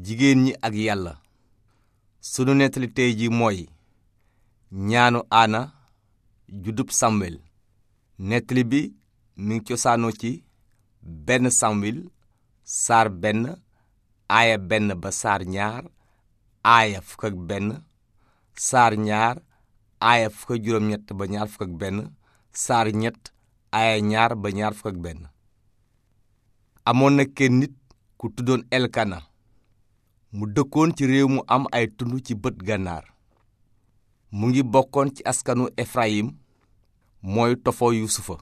jigéen ñi ak yàlla sunu nettali tey ji mooy ñaanu ana judub samwel nettali bi mi ngi cosaanoo ci benn samwel saar benn aaya benn ba saar ñaar aaya fukk ak benn saar ñaar aaya ñaar ba ñaar fukk ak benn amoon na kenn nit ku tuddoon elkana mu dëkkoon ci réew mu am ay tund ci bët gànnaar mu ngi bokkoon ci askanu efrayim mooy tofo yusufa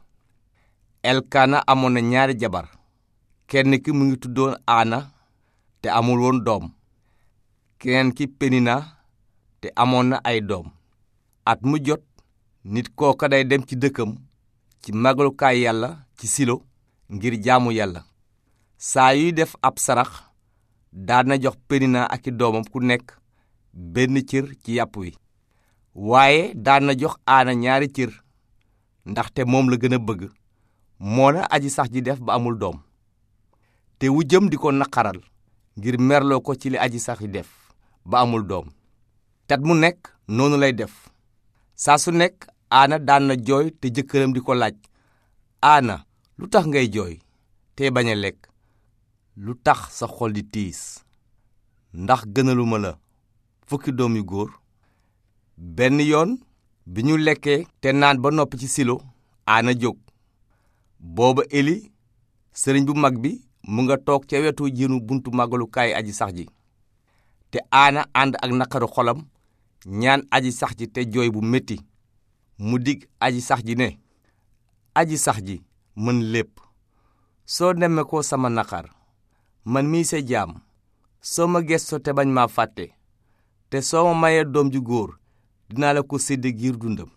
elkaana amoon na ñaari jabar kenn ki mu ngi tuddoon aana te amul woon doom keneen ki penina te amoon na ay doom at mu jot nit kooka day dem ci dëkkam ci magalukaay yàlla ci silo ngir jaamu yàlla saa yuy def ab sarax daana jox penina ak i doomam ku nekk benn cër ci yàpp wi waaye daana jox aana ñaari cër ndaxte moom la gën a bëgg moo na aji sax ji def ba amul doom te wu jëm di ko naqaral ngir merloo ko ci li aji sax ji def ba amul doom tat mu nekk noonu lay def saa su nekk aana daan na jooy te jëkkëram di ko laaj aana lu tax ngay jooy te bañ a lekk lu tax sa xol di tiis ndax gënaluma la fukki doom yu góor benn yoon bi ñu lekkee te naan ba noppi ci silo aana jóg booba eli sëriñ bu mag bi mu nga toog ca wetu jiinu buntu màggalukaay aji sax ji te aana ànd ak naqaru xolam ñaan aji sax ji te jooy bu metti mu dig aji sax ji ne aji sax ji mën lépp soo nemme ko sama naqar man mii sa jaam soo ma gëstoo te bañ ma fàtte te soo ma mayee doom ju góor dinaa la ko sédde giir dundam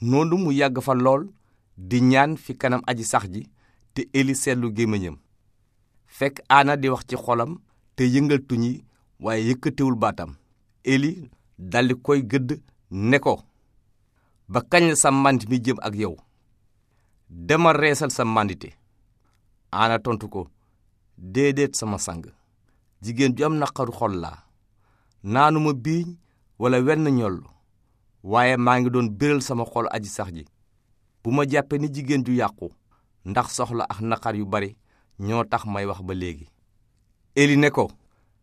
noonu mu yàgg fa lool di ñaan fi kanam aji sax ji te eli seetlu gémmiñam fekk ana di wax ci xolam te yëngal tuñi waaye yëkkatewul baatam eli daldi koy gëdd ne ko ba kañ la sa màndit mi jëm ak yow demal reesal sa màndite aana tontu ko déedéet sama sang jigéen ju am naqaru xol laa naanuma biiñ walla wenn ñollu waaye maa ngi doon béral sama xol aji sax ji bu ma jàppe ni jigéen ju yàqu ndax soxla ak naqar yu bari ñoo tax may wax ba léegi eli ne ko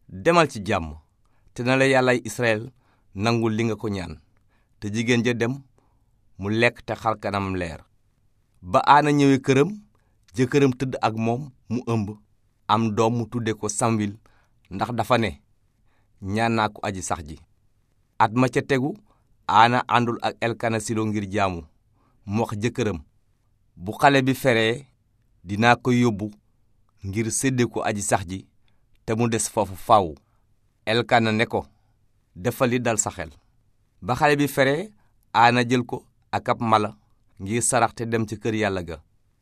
demal ci jàmm te na la yàllay israel nangu li nga ko ñaan te jigéen ja dem mu lekk te xar kanamam leer ba aana ñëwee këram jëkkëram tëdd ak moom mu ëmb am doom mu tudde ko samwil ndax dafa ne ñaan naa ko aji sax ji at ma ca tegu aana àndul ak elkana silo ngir jaamu mu wax jëkkëram bu xale bi feree dinaa ko yóbbu ngir sedd ko aji sax ji te mu des foofu faaw elkana ne ko defal li dal sa xel ba xale bi feree aana jël ko ak ab mala ngir sarax te dem ca kër yàlla ga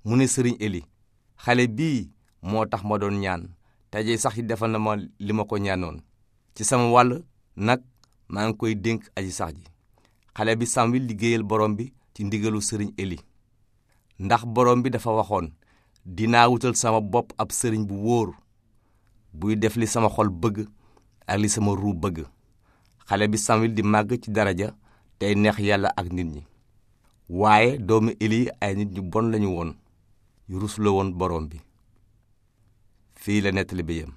mu ne sëriñ eli xale bii moo tax ma doon ñaan tey sax yi defal na ma li ma ko ñaanoon ci sama wàll nag maa ngi koy dénk aji sax ji xale bi Samwil liggéeyal borom bi ci ndigalu sëriñ Eli ndax borom bi dafa waxoon dinaa wutal sama bopp ab sëriñ bu wóor buy def li sama xol bëgg ak li sama ruu bëgg xale bi Samwil di màgg ci ja tey neex yàlla ak nit ñi waaye doomi Eli ay nit ñu bon lañu woon yu rus woon borom bi fii la nettali bi yem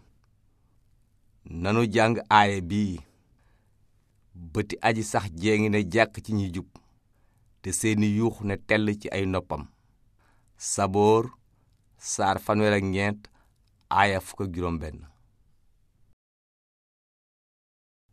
nanu jàng aaye bii bëti aji sax jéengi ne jàkk ci ñuy jub te seeni yuux ne tell ci ay noppam saboor saar fanweer ak ñeent aaya fukk ak juróom benn